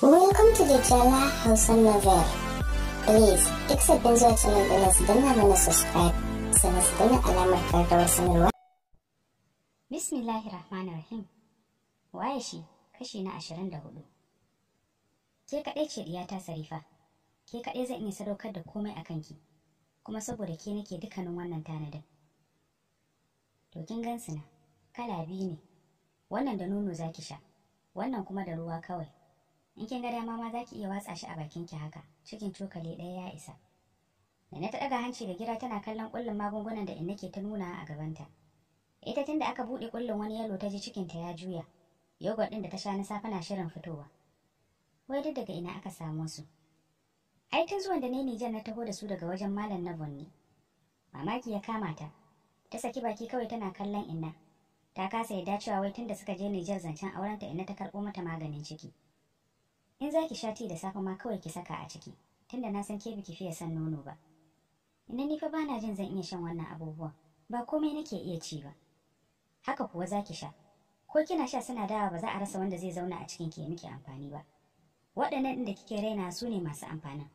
Welcome to the Jella Hausa Novel. Please, duk sabbin zuwa channel da su danna mana subscribe sannan su danna alamar karɗawar sanarwa. Bismillahir Rahmanir Rahim. Waye shi kashi na ashirin da hudu. Ke kaɗai ce ɗiyata Sarifa. Ke kaɗai zan iya sadaukar da komai a kanki. Kuma saboda ke nake dukkanin wannan tanadin. To kin gansu na. Kala biyu ne. Wannan da nono zaki sha. Wannan kuma da ruwa kawai. in kin ga dama ma za ki iya watsa shi a bakin ki haka cikin cokali ɗaya ya isa Nana ta ɗaga hanci ga gira tana kallon ƙullin magungunan da in nake ta nuna a gabanta ita tunda aka buɗe ƙullin wani yalo ta ji cikinta ya juya yogurt ɗin da ta sha na safe na shirin fitowa wai duk daga ina aka samo su ai tun zuwan da ne Nijar na taho da su daga wajen malam na Bonni mamaki ya kama ta ta saki baki kawai tana kallon inna ta kasa yadda cewa wai tunda suka je Nijar zancen aurenta inna ta karɓo mata maganin ciki in za ki sha ti da safe ma kawai ki saka a ciki tunda na san ke biki fiye san nono ba ina ni fa bana jin zan iya shan wannan abubuwan ba komai nake iya ci ba haka kuwa za ki sha ko kina sha suna dawa ba za a rasa wanda zai zauna a cikin ki miki amfani ba waɗannan da kike raina su ne masu amfanin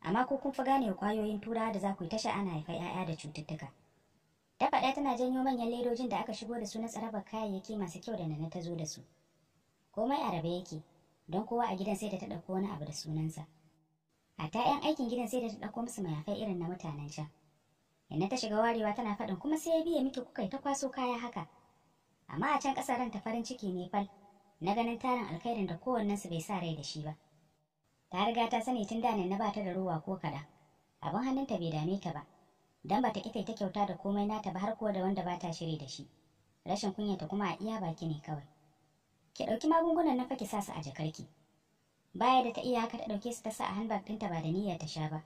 amma ko kun fi gane kwayoyin tura da za ku yi tasha ana haifar 'ya'ya da cututtuka dafa ɗaya tana janyo manyan ledojin da aka shigo da su na tsarabar kayayyaki masu kyau da nana ta zo da su komai a rabe yake don kowa a gidan sai da ta ɗauko wani abu da sunansa a ta aikin gidan sai da ta ɗauko musu mayafai irin na mutanen can inda ta shiga warewa tana faɗin kuma sai ya biya miki kuka ta kwaso kaya haka amma a can ƙasar ta farin ciki ne fal na ganin tarin alkhairin da su bai sa rai da shi ba ta riga ta sani tun da na ba ta da ruwa ko kaɗan abin hannunta bai dame ta ba dan ba ta ƙi ta kyauta da komai nata ba har ko da wanda ba ta shiri da shi rashin kunyata kuma a iya baki ne kawai ki ɗauki magungunan na fa ki sasa su a jakarki baya da ta iya haka ta ɗauke su ta sa a handbag dinta ba da niyyar ta sha ba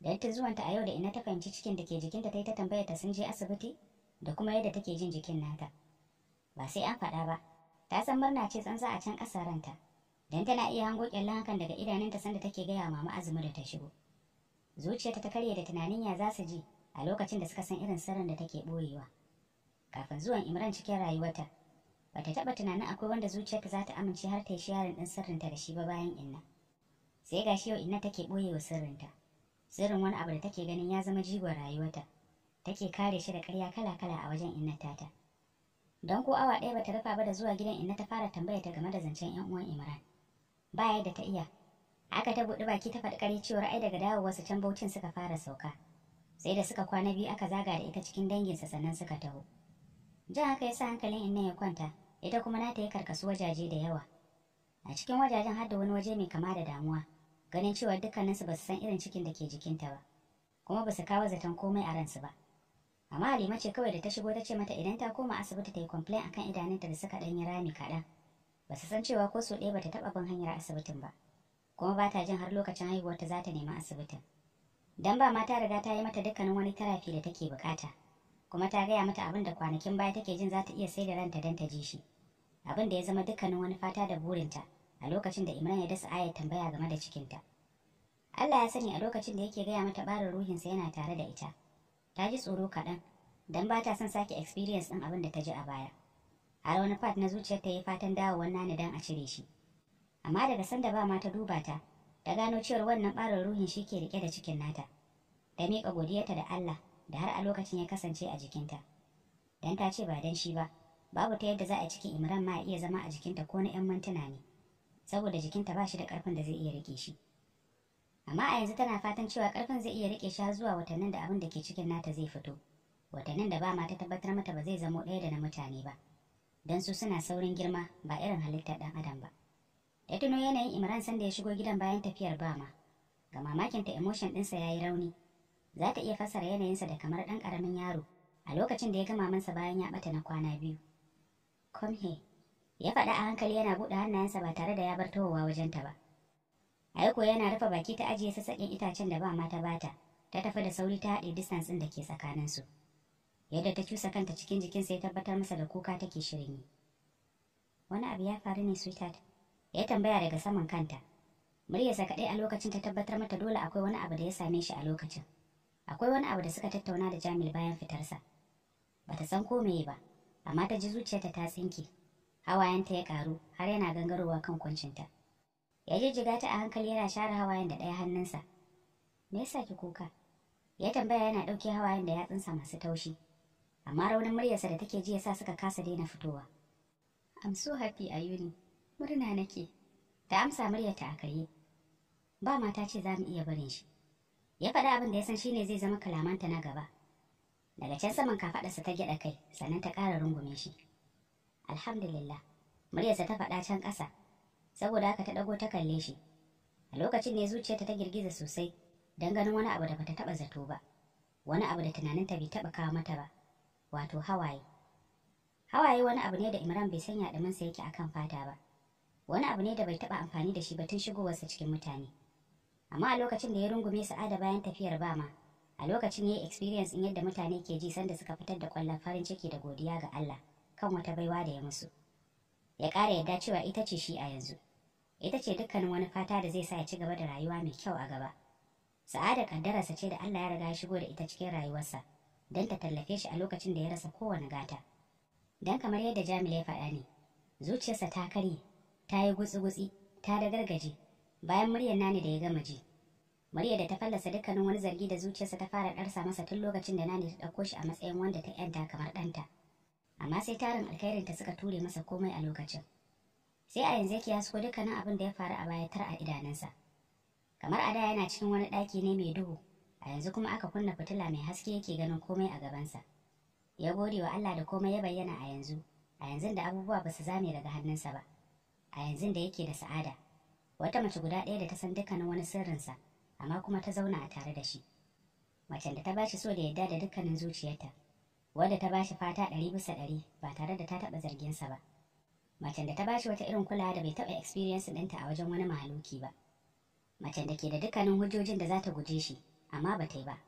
da ta zuwanta a yau da ina ta fahimci cikin da ke jikinta ta yi ta tambaya ta sun je asibiti da kuma yadda take jin jikin nata ba sai an faɗa ba ta san murna ce tsantsa a can kasa ranta don tana iya hango ƙyallen hakan daga idanunta sanda take gaya mama azumi da ta shigo zuciyarta ta karya da tunanin ya za su ji a lokacin da suka san irin sirrin da take ɓoyewa kafin zuwan imran cikin rayuwarta bata taba tunanin akwai wanda zuciyarta za ta amince har ta yi sharin din sirrinta da shi ba bayan inna sai ga shi yau inna take boye wa sirrinta sirrin wani abu da take ganin ya zama jigon rayuwarta take kare shi da ƙarya kala-kala a wajen inna tata don ko awa ɗaya bata rufa ba da zuwa gidan inna ta fara tambaya ta game da zancen yan uwan imran ba yadda ta iya aka ta buɗi baki ta faɗi ƙari cewa ai daga dawowa su can baucin suka fara sauka sai da suka kwana biyu aka zaga da ita cikin danginsa sannan suka taho jan haka yasa hankalin inna ya kwanta ita kuma nata ya karkasu wajaje da yawa a cikin wajajen har da wani waje mai kama da damuwa ganin cewa dukkaninsu ba su san irin cikin da ke jikinta ba kuma ba su kawo zaton komai a ransu ba amma halima ce kawai da ta shigo ta ce mata idan ta koma asibiti ta yi complain akan idanunta da suka yi rami kaɗan ba su san cewa ko su ɗaya ba ta taɓa bin hanyar asibitin ba kuma ba ta jin har lokacin haihuwarta za ta nemi asibitin dan ba ma ta riga ta yi mata dukkanin wani tarafi da take bukata. kuma ta gaya mata abin da kwanakin baya take jin za ta iya sai da ranta don ta ji shi abin da ya zama dukkanin wani fata da burinta a lokacin da imran ya dasa ayar tambaya game da cikinta allah ya sani a lokacin da yake gaya mata barin ruhinsa yana tare da ita ta ji tsoro kaɗan don ba ta son sake experience ɗin abin da ta ji a baya har wani fat na zuciyar ta yi fatan dawowar nani don a cire shi amma daga sanda ba ma ta duba ta ta gano cewar wannan ɓarin ruhin shi ke rike da cikin nata Ta miƙa godiyarta da allah da har a lokacin ya kasance a jikinta dan ta ce ba dan shi ba babu ta yadda za a cikin imran ma iya zama a jikinta ko na 'yan mantuna ne saboda jikinta ba shi da karfin da zai iya rike shi amma a yanzu tana fatan cewa karfin zai iya rike shi har zuwa watannin da abin da ke cikin nata zai fito watannin da ba ma ta tabbatar mata ba zai zamo ɗaya da na mutane ba don su suna saurin girma ba irin halitta ɗan adam ba ta tuno yanayin imran sanda ya shigo gidan bayan tafiyar bama ga mamakinta emotion ɗinsa ya yi rauni za ta iya fassara yanayinsa da kamar ɗan ƙaramin yaro a lokacin da ya ga mamansa bayan ya ɓata na kwana biyu. komhe ya faɗa a hankali yana buɗe hannayensa ba tare da ya bar wajen wajenta ba. Aiko yana rufe baki ta ajiye sassaƙin itacen da ba mata bata, ta tafi da sauri ta haɗe distance ɗin da ke tsakaninsu. Yadda ta cusa kanta cikin jikin ya tabbatar masa da kuka take shirin yi. Wani abu ya faru ne sweetheart, ya tambaya daga saman kanta. Muryarsa kaɗai a lokacin ta tabbatar mata dole akwai wani abu da ya same shi a lokacin. akwai wani abu da suka tattauna da jamil bayan fitarsa bata san ko meye ba amma ta ji zuciyarta ta tsinke hawayenta ya karu har yana gangarowa kan kwancinta ya jijjiga ta a hankali yana share hawayen da ɗaya hannunsa me yasa ki kuka ya tambaya yana ɗauke hawayen da yatsunsa masu taushi amma raunin muryarsa da take ji yasa suka kasa daina fitowa I'm so happy Ayuni murna nake ta amsa muryarta a karye. ba mata ce za mu iya barin shi ya faɗi abin da ya san shine zai zama kalamanta na gaba daga can saman kafaɗarsa ta gyaɗa kai sannan ta ƙara rungume shi alhamdulillah muryarsa ta faɗa can ƙasa saboda haka ta ɗago ta kalle shi a lokacin ne zuciyarta ta girgiza sosai don ganin wani abu da bata taɓa zato ba wani abu da tunaninta bai taɓa kawo mata ba wato hawaye hawaye wani abu ne da imran bai sanya ɗuminsa yake akan fata ba wani abu ne da bai taɓa amfani da shi ba tun shigowarsa cikin mutane amma a lokacin da ya rungume sa'ada bayan tafiyar bama a lokacin ya yi experience in yadda mutane ke ji sanda suka fitar da kwallon farin ciki da godiya ga Allah kan wata baiwa da ya musu ya ƙara yadda cewa ita ce shi a yanzu ita ce dukkanin wani fata da zai sa ya ci gaba da rayuwa mai kyau a gaba sa'ada kaddararsa ce da Allah ya riga ya shigo da ita cikin rayuwarsa don ta tallafe shi a lokacin da ya rasa kowane gata dan kamar yadda Jamila ya faɗa ne zuciyarsa ta karye ta yi gutsi-gutsi ta da gargaje bayan muryar nani da ya gama ji muryar da ta fallasa dukkanin wani zargi da zuciyarsa ta fara ɗarsa masa tun lokacin da nani ta ɗauko shi a matsayin wanda ta yanta kamar ɗanta amma sai tarin alkhairinta suka ture masa komai a lokacin sai a yanzu yake yasko dukkanin abin da ya faru a baya tar a idanunsa kamar a da yana cikin wani ɗaki ne mai duhu a yanzu kuma aka kunna fitila mai haske yake ganin komai a gabansa ya gode wa Allah da komai ya bayyana a yanzu a yanzu da abubuwa ba su zame daga hannunsa ba a yanzu da yake da sa'ada wata mace guda ɗaya da ta san dukkanin wani sirrinsa amma kuma ta zauna a tare da shi macen da ta bashi so da yadda da dukkanin zuciyarta wadda ta bashi fata ɗari bisa ɗari ba tare da ta taɓa zarginsa ba macen da ta bashi wata irin kulawa da bai taɓa experience ɗinta a wajen wani mahaluki ba macen da ke da dukkanin hujjojin da za ta guje shi amma ba ta yi ba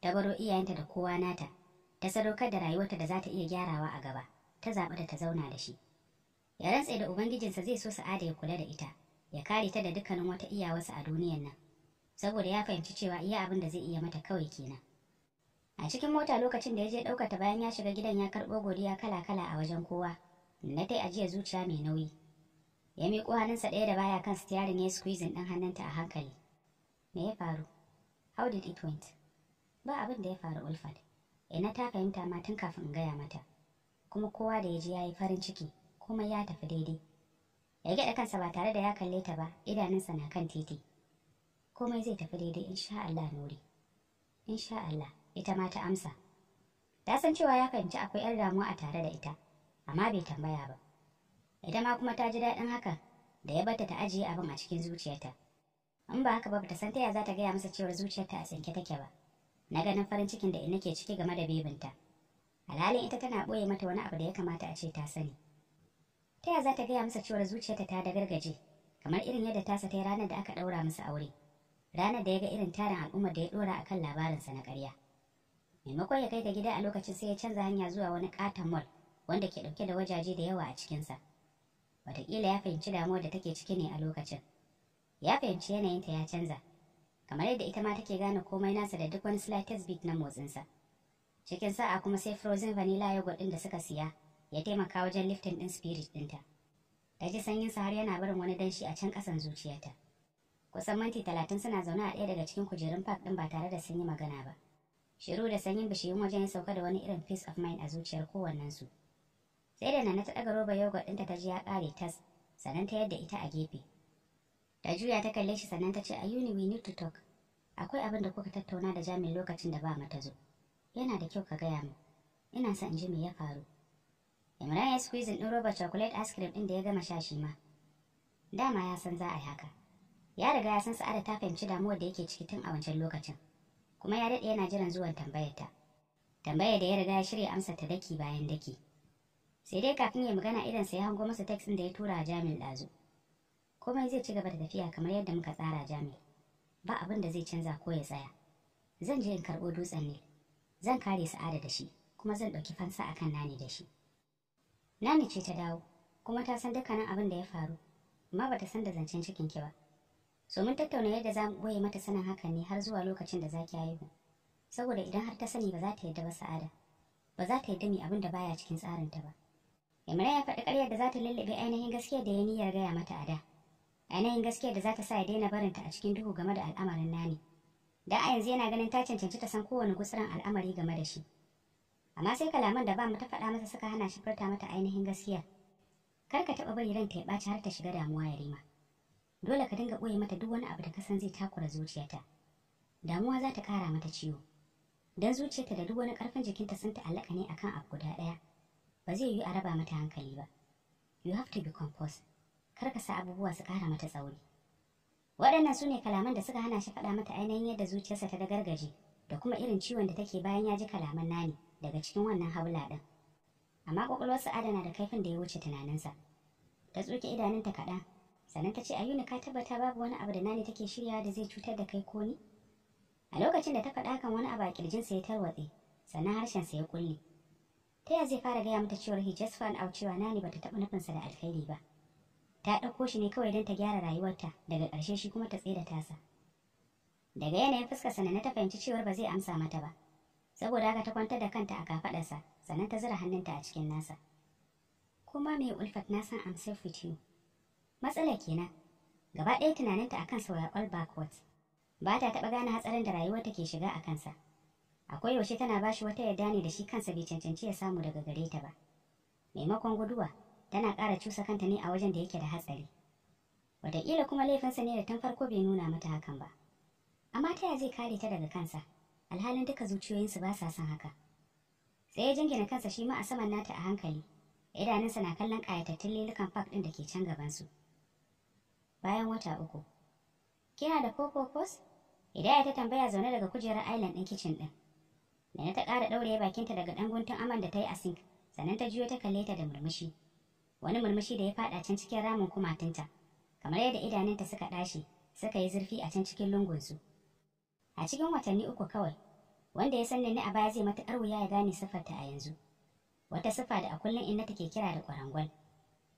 ta baro iyayenta da kowa nata ta sadaukar da rayuwarta da za ta iya gyarawa a gaba ta zaɓi da ta zauna da shi ya rantse da ubangijinsa zai so sa'ada ya kula da ita ya kare ta da dukkanin wata iyawarsa a duniyan nan saboda ya fahimci cewa iya abin da zai iya mata kawai kenan a cikin mota lokacin da ya je ɗaukar ta bayan ya shiga gidan ya karɓo godiya kala-kala a wajen kowa na tai ajiya zuciya mai nauyi ya miƙo hannunsa ɗaya da baya kan steering ya squeezing ɗin hannunta a hankali me ya faru how did it went ba abin da ya faru Ulfat. ina ta fahimta ma tun kafin in gaya mata kuma kowa da ya je ya yi farin ciki kuma ya tafi daidai ya gyaɗa kansa ba tare da ya kalle ta ba idanunsa na kan titi komai zai tafi daidai insha Allah nuri insha Allah ita ma ta amsa ta san cewa ya fahimci akwai yar damuwa a tare da ita amma bai tambaya ba ita ma kuma ta ji daɗin haka da ya bata ta ajiye abin a cikin zuciyarta in ba haka ba ta san ta ya za ta gaya masa cewar zuciyarta a tsinke take ba na ganin farin cikin da ina ke ciki game da bebinta alhalin ita tana ɓoye mata wani abu da ya kamata a ce ta sani ta yaya za ta gaya masa cewar zuciyarta ta da gargaje kamar irin yadda sa ta yi ranar da aka ɗaura masa aure ranar da ya ga irin tarin al'ummar da ya ɗora a kan labarinsa na ƙarya maimakon ya kai ta gida a lokacin sai ya canza hanya zuwa wani ƙaton mall wanda ke dauke da wajaje da yawa a cikinsa wataƙila ya fahimci damuwar da take ciki ne a lokacin ya fahimci yanayinta ya canza kamar yadda ita ma take gane komai nasa da duk wani slightest bit na motsinsa cikin sa'a kuma sai frozen vanilla yogurt ɗin da suka siya ya taimaka wajen liftin ɗin spirit ɗinta. Ta ji sanyinsa har yana barin wani danshi a can ƙasan zuciyarta. Kusan minti talatin suna zaune a ɗaya daga cikin kujerun park ɗin ba tare da sun yi magana ba. Shiru da sanyin bishiyun wajen ya sauka da wani irin peace of mind a zuciyar kowannensu. Sai da Nana ta ɗaga roba yogurt ɗinta ta ji ya ƙare tas, sannan ta yadda ita a gefe. Ta juya ta kalle shi sannan ta ce a we need to talk. Akwai abin da kuka tattauna da Jami lokacin da ba mata zo. Yana da kyau ka gaya min. Ina son in ji me ya faru. Imran ya squeeze ɗin robar chocolate ice cream ɗin da ya gama sha shi ma. Dama ya san za a yi haka. Ya riga ya san Sa'ada ta fahimci damuwar da yake ciki tun a wancan lokacin. Kuma ya daɗe yana jiran zuwan ta. Tambayar da ya riga ya shirya amsa ta daki bayan daki. Sai dai kafin ya magana idansa ya hango masa text ɗin da ya tura Jamil ɗazu. Komai zai ci gaba da tafiya kamar yadda muka tsara Jamil. Ba abin da zai canza ko ya tsaya. Zan je in karɓo dutsen ne. Zan kare Sa'ada da shi kuma zan ɗauki fansa akan nani da shi. Nani ce ta dawo, kuma ta san dukkanin abin da ya faru, amma ba ta san da zancen cikin ki ba. So mun tattauna yadda za mu goye mata sanin hakan ne har zuwa lokacin da za ki haihu. Saboda idan har ta sani ba za ta yadda ba sa'ada, ba za ta yadda mai abin da baya cikin tsarinta ba. Imran ya faɗi ƙaryar da za ta lullube ainihin gaskiyar da ya niyyar gaya mata a da. Ainihin gaskiyar da za ta sa ya daina barinta a cikin duhu game da al'amarin nani. Da a yanzu yana ganin ta cancanci ta san kowane gutsurin al'amari game da shi. amma sai kalaman da ba mu ta faɗa masa suka hana shi furta mata ainihin gaskiya kar ka taɓa bari ranta ya ɓaci har ta shiga damuwa ya rima dole ka dinga ɓoye mata duk wani abu da ka san zai takura zuciyarta damuwa za ta ƙara mata ciwo dan zuciyarta da duk wani ƙarfin jikinta sun ta'allaka ne akan abu guda ɗaya ba zai yi a raba mata hankali ba you have to be composed kar ka sa abubuwa su ƙara mata tsauri waɗannan su ne kalaman da suka hana shi faɗa mata ainihin yadda zuciyarsa ta ga gargaje da kuma irin ciwon da take bayan ya ji kalaman nani daga cikin wannan habla ɗin amma ƙwaƙwalwarsa adana da kaifin da ya wuce tunaninsa ta tsoke idanunta kaɗan sannan ta ce ayuni ka tabbata babu wani abu da nani take shiryawa da zai cutar da kai ko ni a lokacin da ta faɗa kan wani abu a ƙirjinsa ya tarwatse sannan harshensa ya kulle ta ya zai fara gaya mata cewar he just found out cewa nani bata taɓa nufinsa da alkhairi ba ta ɗauko shi ne kawai don ta gyara rayuwarta daga ƙarshe shi kuma ta tsaye da tasa daga yanayin fuskarsa na ta fahimci cewar ba zai amsa mata ba saboda haka ta kwantar da kanta a kafaɗarsa sannan ta zura hannunta a cikin nasa kuma mai ulfat na san amsar fitiyo matsala kenan gaba ɗaya tunaninta akan sauya all backwards ba ta taɓa gane hatsarin da rayuwarta ke shiga a kansa akwai yaushe tana ba shi wata yarda ne da shi kansa bai cancanci ya samu daga gare ta ba maimakon guduwa tana ƙara cusa kanta ne a wajen da yake da hatsari wataƙila kuma laifinsa ne da tun farko bai nuna mata hakan ba amma ta zai kare ta daga kansa alhalin duka zuciyoyinsu ba sa son haka Sai ya jingina kansa shi ma a saman nata a hankali idanunsa na kallon ƙayatattun lilikan park ɗin da ke can gabansu bayan wata uku kina da koko kos ya ta tambaya zaune daga kujerar island ɗin kicin ɗin da ta ƙara ɗaure bakinta daga ɗan guntun aman da ta yi a sink sannan ta juyo ta kalle ta da murmushi wani murmushi da ya faɗa can cikin ramin kumatunta kamar yadda idanunta suka ɗashe suka yi zurfi a can cikin lungunsu a cikin watanni uku kawai wanda ya san ni a baya zai matuƙar wuya ya gane siffarta a yanzu wata siffa da a kullum inna take kira da kwarangwal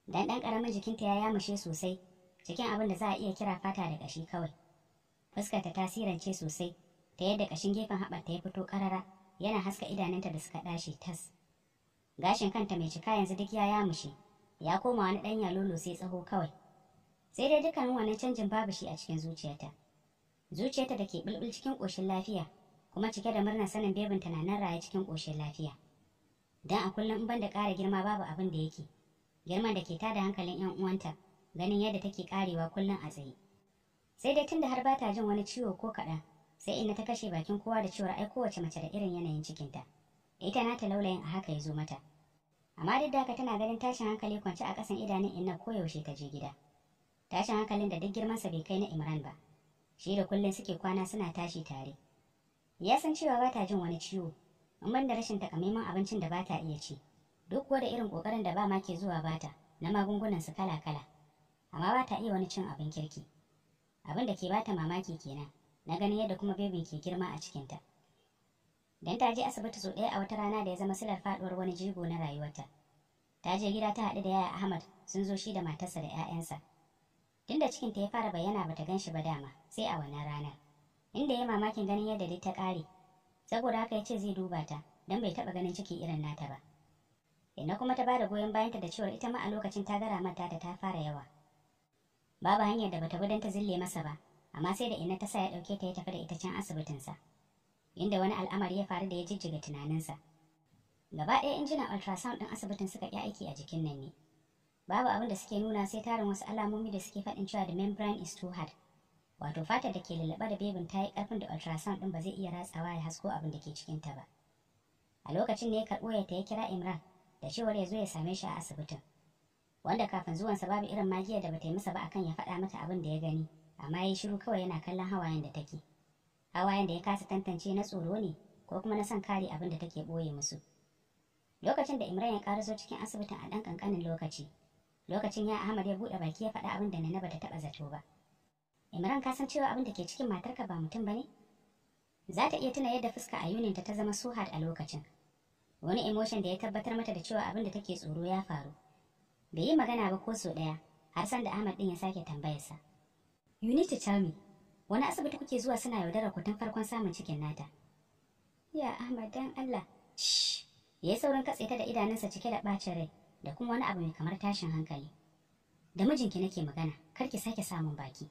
dan dan karamin jikinta ya yamushe sosai cikin abin da za a iya kira fata da kashi kawai fuskar ta tasirance sosai ta yadda kashin gefen haɓarta ya fito karara yana haska idanunta da suka dashe tas gashin kanta mai cika yanzu duk ya yamushe ya koma wani dan yalolo sai tsaho kawai sai dai dukkanin wannan canjin babu shi a cikin zuciyarta zuciyarta da ke bulbul cikin koshin lafiya kuma cike da murna sanin bebin tunanin raye cikin koshin lafiya dan a kullum in ban da ƙara girma babu abin da yake girman da ke tada hankalin yan uwanta ganin yadda take karewa kullum a tsaye sai dai tunda har bata jin wani ciwo ko kaɗan sai inna ta kashe bakin kowa da cewar ai kowace mace da irin yanayin cikinta ita ta laulayin a haka ya zo mata amma duk da haka tana ganin tashin hankali kwance a kasan idanun inna koyaushe ta je gida tashin hankalin da duk girmansa bai kai na imran ba shi da kullum suke kwana suna tashi tare ya san cewa ba ta jin wani ciwo amman da rashin takamaiman abincin da ba ta iya ci duk kuwa da irin kokarin da ba ma ke zuwa ba ta, na magungunan su kala kala amma ba ta iya wani cin abin kirki abin da ke bata mamaki kenan na ganin yadda kuma bebin ke girma a cikin ta dan ta je asibiti so ɗaya a wata rana da ya zama silar faduwar wani jigo na rayuwarta ta je gida ta haɗu da yaya ahmad sun zo shi da matarsa da 'ya'yansa tunda cikin ta ya fara bayyana bata gan shi ba dama sai a wannan rana inda ya mamakin ganin yadda duk ta ƙare saboda haka ya ce zai duba ta don bai taɓa ganin ciki irin nata ba inna kuma ta bada goyon bayanta da cewar ita ma a lokacin ta gara mata da ta fara yawa babu hanyar da bata bi ta zille masa ba amma sai da inna ta sa ya ɗauke ta ya tafi da ita can asibitinsa inda wani al'amari ya faru da ya jijjiga tunaninsa gaba ɗaya injinan ultrasound ɗin asibitin suka ƙi aiki a jikin nan ne babu abin da suke nuna sai tarin wasu alamomi da suke faɗin cewa the membrane is too hard wato fatar da ke lallaba da bebin ta yi karfin da ultrasound din ba zai iya ratsawa ya hasko abin da ke cikin ta ba a lokacin ne karɓo ya ta ya kira imran da cewar ya zo ya same shi a asibitin wanda kafin zuwansa babu irin magiya da bata yi masa ba akan ya faɗa mata abin da ya gani amma ya shiru kawai yana kallon hawayen da take hawayen da ya kasa tantance na tsoro ne ko kuma na son kare abin da take ɓoye musu lokacin da imran ya karaso cikin asibitin a ɗan ƙanƙanin lokaci lokacin ya ahmad ya buɗe baki ya faɗa abin da nana bata taɓa zato ba Imran ka san cewa abin da ke cikin matarka ba mutum bane? Za ta iya tuna yadda fuska a yunin ta zama suhad a lokacin. Wani emotion da ya tabbatar mata da cewa abin da take tsoro ya faru. Bai yi magana ba ko so ɗaya har san da Ahmad din ya sake tambayarsa. You need to tell me, wani asibiti kuke zuwa suna yaudarar ku farkon samun cikin nata. Ya Ahmad dan Allah, shh, ya yi saurin katse ta da idanunsa cike da ɓacin rai da kuma wani abu mai kamar tashin hankali. Da mijinki nake magana, kar ki sake samun baki.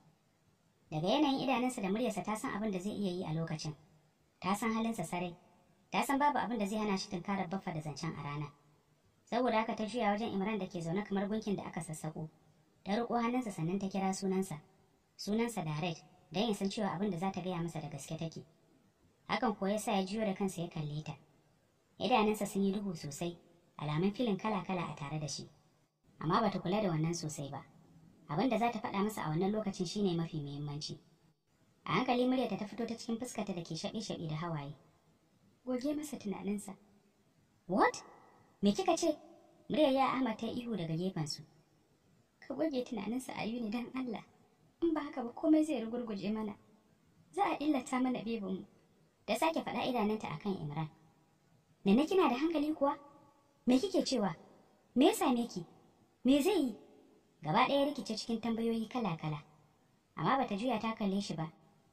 daga yanayin idanunsa da muryarsa ta san abin da zai iya yi a lokacin ta san halinsa sarai ta san babu abin da zai hana shi tunkarar baffa da zancen a rana saboda haka ta juya wajen imran da ke zaune kamar gunkin da aka sassaƙo. ta riƙo hannunsa sannan ta kira sunansa sunansa da red, don ya san cewa abin da za ta gaya masa da gaske take hakan kuwa ya sa ya juyo da kansa ya kalle ta idanunsa sun yi duhu sosai alamun filin kala-kala a tare da shi amma bata kula da wannan sosai ba abin da za ta faɗa masa a wannan lokacin shine mafi muhimmanci a hankali muryarta ta fito ta cikin fuskarta da ke shaɓe-shaɓe da hawaye goge masa tunaninsa what me kika ce muryar ya ama ta ihu daga gefensu ka goge tunaninsa a yuni don allah in ba haka ba komai zai rugurguje mana za a illata mana bebinmu da sake faɗa idanunta akan imran nana kina da hankali kuwa me kike cewa me yasa same ki me zai yi gaba ɗaya rikice cikin tambayoyi kala-kala amma bata juya ta kalle shi ba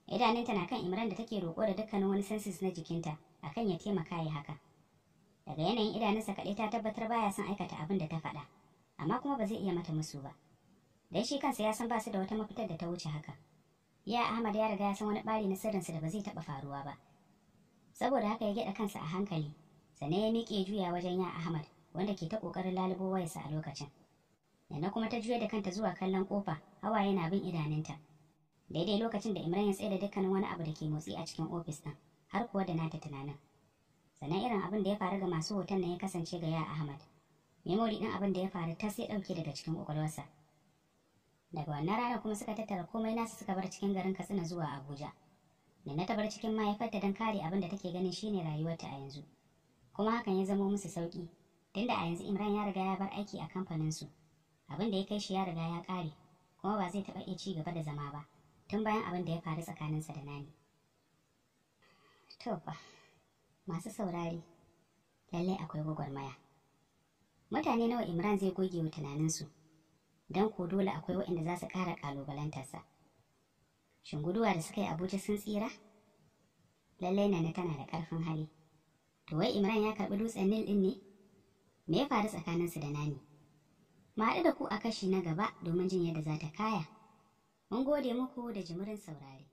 idanunta na kan imran da take roƙo da dukkanin wani sensis na jikinta akan ya taimaka ya haka daga yanayin idanunsa kaɗai ta tabbatar baya son aikata abin da ta faɗa amma kuma ba zai iya mata musu ba dan shi kansa ya san ba su da wata mafitar da ta wuce haka ya ahmad ya riga ya san wani ɓari na sirrinsa da ba zai taɓa faruwa ba saboda haka ya gyaɗa kansa a hankali sannan ya miƙe juya wajen ya ahmad wanda ke ta ƙoƙarin lalubo wayarsa a lokacin Nana kuma ta juya da kanta zuwa kallon kofa, hawa yana bin idanunta. Daidai lokacin da Imran ya tsaye da dukkanin wani abu da ke motsi a cikin ofis ɗin, har kuwa da nata tunanin. Sannan irin abin da ya faru ga masu hoton nan ya kasance ga ya Ahmad. Memori din abin da ya faru ta sai dauke daga cikin kwakwalwarsa. Daga wannan rana kuma suka tattara komai nasu suka bar cikin garin Katsina zuwa Abuja. Nana ta bar cikin mahaifarta don kare abin da take ganin shine rayuwarta a yanzu. Kuma hakan ya zamo musu sauƙi, tunda a yanzu Imran ya riga ya bar aiki a kamfanin su. abin da ya kai shi ya riga ya ƙare kuma ba zai taɓa iya ci gaba da zama ba tun bayan abin da ya faru tsakaninsa da nani to fa masu saurari lallai akwai gwagwarmaya mutane nawa imran zai goge wa tunaninsu don ko dole akwai waɗanda za su ƙara ƙalubalantarsa shin guduwa da suka yi abuja sun tsira lallai nana tana da ƙarfin hali to wai imran ya karɓi dutsen nil ɗin ne me ya faru tsakaninsu da nani Mu haɗu da ku a kashi na gaba domin jin yadda za ta kaya. Mun gode muku da jimirin saurare.